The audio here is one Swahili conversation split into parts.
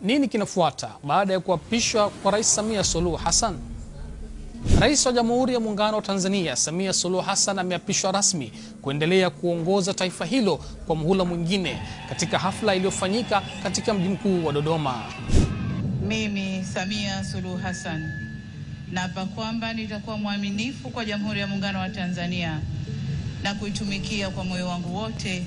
Nini kinafuata baada ya kuapishwa kwa Rais Samia Suluhu Hassan? Rais wa Jamhuri ya Muungano wa Tanzania Samia Suluhu Hassan ameapishwa rasmi kuendelea kuongoza taifa hilo kwa muhula mwingine katika hafla iliyofanyika katika mji mkuu wa Dodoma. Mimi Samia Suluhu Hassan naapa kwamba nitakuwa mwaminifu kwa Jamhuri ya Muungano wa Tanzania na kuitumikia kwa moyo wangu wote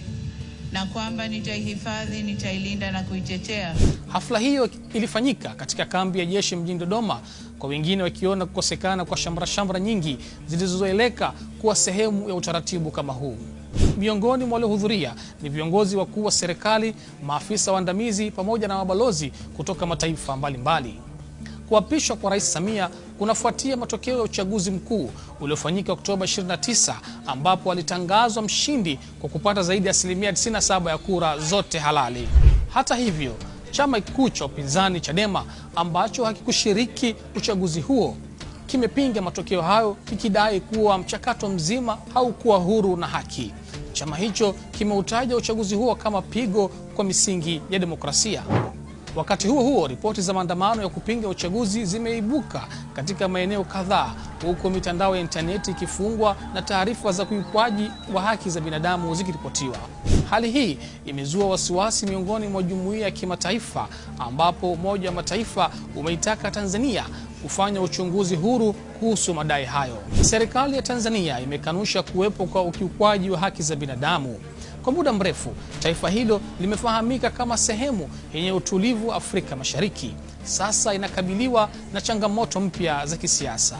na kwamba nitaihifadhi, nitailinda na kuitetea. Hafla hiyo ilifanyika katika kambi ya jeshi mjini Dodoma, kwa wengine wakiona kukosekana kwa shamra shamra nyingi zilizozoeleka kuwa sehemu ya utaratibu kama huu. Miongoni mwa waliohudhuria ni viongozi wakuu wa serikali, maafisa waandamizi pamoja na mabalozi kutoka mataifa mbalimbali mbali. Kuapishwa kwa Rais Samia kunafuatia matokeo ya uchaguzi mkuu uliofanyika Oktoba 29 ambapo alitangazwa mshindi kwa kupata zaidi ya asilimia 97 ya kura zote halali. Hata hivyo, chama kikuu cha upinzani Chadema ambacho hakikushiriki uchaguzi huo kimepinga matokeo hayo kikidai kuwa mchakato mzima haukuwa huru na haki. Chama hicho kimeutaja uchaguzi huo kama pigo kwa misingi ya demokrasia. Wakati huo huo, ripoti za maandamano ya kupinga uchaguzi zimeibuka katika maeneo kadhaa, huku mitandao ya intaneti ikifungwa na taarifa za ukiukwaji wa haki za binadamu zikiripotiwa. Hali hii imezua wasiwasi miongoni mwa jumuiya ya kimataifa, ambapo Umoja wa Mataifa umeitaka Tanzania kufanya uchunguzi huru kuhusu madai hayo. Serikali ya Tanzania imekanusha kuwepo kwa ukiukwaji wa haki za binadamu. Kwa muda mrefu taifa hilo limefahamika kama sehemu yenye utulivu Afrika Mashariki, sasa inakabiliwa na changamoto mpya za kisiasa.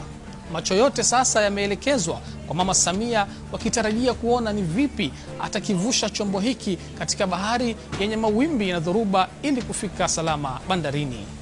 Macho yote sasa yameelekezwa kwa Mama Samia, wakitarajia kuona ni vipi atakivusha chombo hiki katika bahari yenye mawimbi na dhoruba ili kufika salama bandarini.